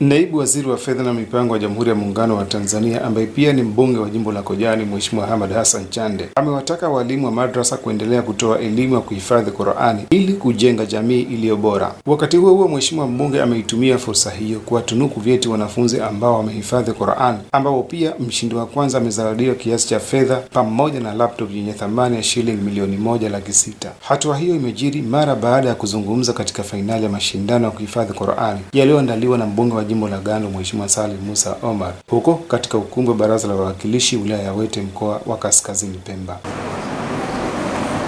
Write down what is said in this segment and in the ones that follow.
Naibu Waziri wa Fedha na Mipango wa Jamhuri ya Muungano wa Tanzania ambaye pia ni mbunge wa jimbo la Kojani, Mheshimiwa Ahmad Hassan Chande amewataka walimu wa madrasa kuendelea kutoa elimu ya kuhifadhi Qur'ani ili kujenga jamii iliyo bora. Wakati huo huo, Mheshimiwa mbunge ameitumia fursa hiyo kuwatunuku vyeti wanafunzi ambao wamehifadhi Qur'ani, ambao pia mshindi wa kwanza amezawadiwa kiasi cha fedha pamoja na laptop yenye thamani ya shilingi milioni moja laki sita. Hatua hiyo imejiri mara baada ya kuzungumza katika fainali ya mashindano ya kuhifadhi Qur'ani yaliyoandaliwa na mbunge wa jimbo la Gando Mheshimiwa Salim Musa Omar huko katika ukumbi wa Baraza la Wawakilishi wilaya ya Wete mkoa wa Kaskazini Pemba.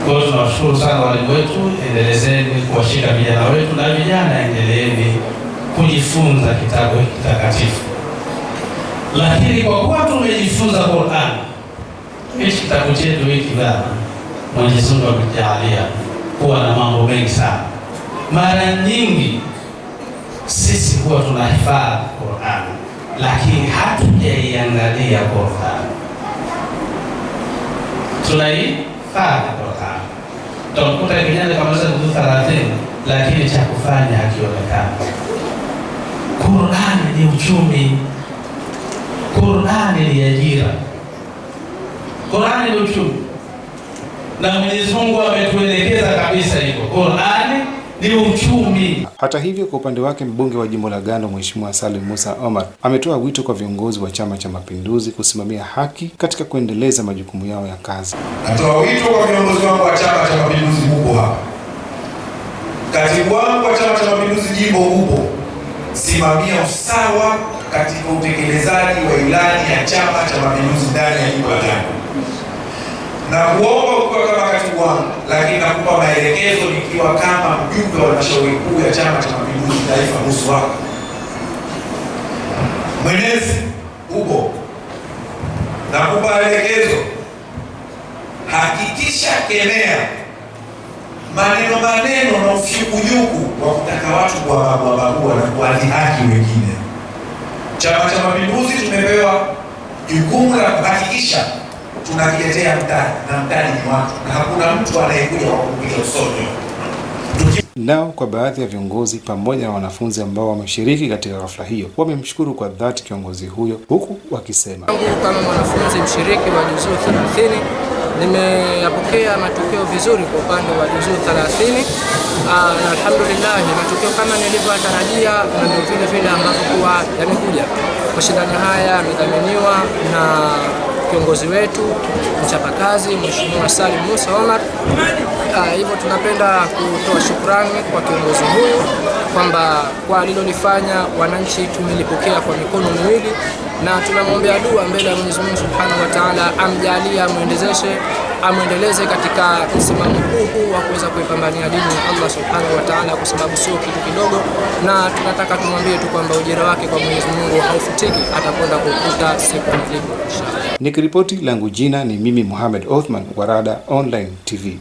Kwa hiyo tunawashukuru sana walimu wetu, endelezeni kuwashika vijana wetu, na vijana endeleeni kujifunza kitabu hiki kitakatifu. Lakini kwa kuwa tumejifunza Qur'an, hichi kitabu chetu hiki bana, Mwenyezi Mungu amejaalia kuwa na mambo mengi sana, mara nyingi sisi huwa tunahifadhi Qurani lakini hatujaiangalia Qurani, tunaihifadhi Qurani, tunakuta kijana kamaliza juzuu thelathini lakini cha kufanya hakionekani. Qurani ni uchumi, Qurani ni ajira, Qurani ni uchumi, na Mwenyezi Mungu ametuelekeza kabisa hivyo Qurani ndio uchumi. Hata hivyo, kwa upande wake mbunge wa jimbo la Gando Mheshimiwa Salim Musa Omar ametoa wito kwa viongozi wa Chama cha Mapinduzi kusimamia haki katika kuendeleza majukumu yao ya kazi. Natoa wito kwa viongozi wangu wa Chama cha Mapinduzi, huko hapa katibu wangu wa Chama cha Mapinduzi jimbo huko, simamia usawa katika utekelezaji wa ilani ya Chama cha Mapinduzi ndani ya jimbo la Gando na kuomba kwangu, lakini nakupa maelekezo nikiwa kama mjumbe wa halmashauri kuu ya Chama cha Mapinduzi Taifa, nusu wako mwenezi huko, nakupa maelekezo, hakikisha kemea maneno maneno na ufyukunyuku wa kutaka watu kuwabagua na kuwadhihaki wengine. Chama cha Mapinduzi tumepewa jukumu la kuhakikisha tunaletea mtaji na mtaji ni watu, na hakuna mtu anayekuja kwa usoni. Nao kwa baadhi ya viongozi pamoja na wanafunzi ambao wameshiriki katika hafla hiyo wamemshukuru kwa dhati kiongozi huyo, huku wakisema kama mwanafunzi mshiriki wa juzuu 30 nimeyapokea matokeo vizuri kwa upande wa juzuu 30 ah, na alhamdulillah, matokeo kama nilivyotarajia na ndio vile vile ambavyo kuwa yamekuja. Mashindano haya yamedhaminiwa na kiongozi wetu mchapakazi Mheshimiwa Salim Musa Omar. Ah, hivyo tunapenda kutoa shukrani kwa kiongozi huyu kwamba kwa alilolifanya wananchi tumelipokea kwa mikono miwili, na tunamwombea dua mbele ya Mwenyezi Mungu Subhanahu wa Ta'ala, amjalie amwendezeshe amwendeleze katika msimamo huu huu wa kuweza kuipambania dini ya Allah Subhanahu wa Ta'ala, kwa sababu sio kitu kidogo, na tunataka tumwambie tu kwamba ujira wake kwa Mwenyezi Mungu haufutiki, atakwenda kukuta siku nzima inshallah. Nikiripoti langu jina ni mimi Mohamed Othman wa Rada Online TV.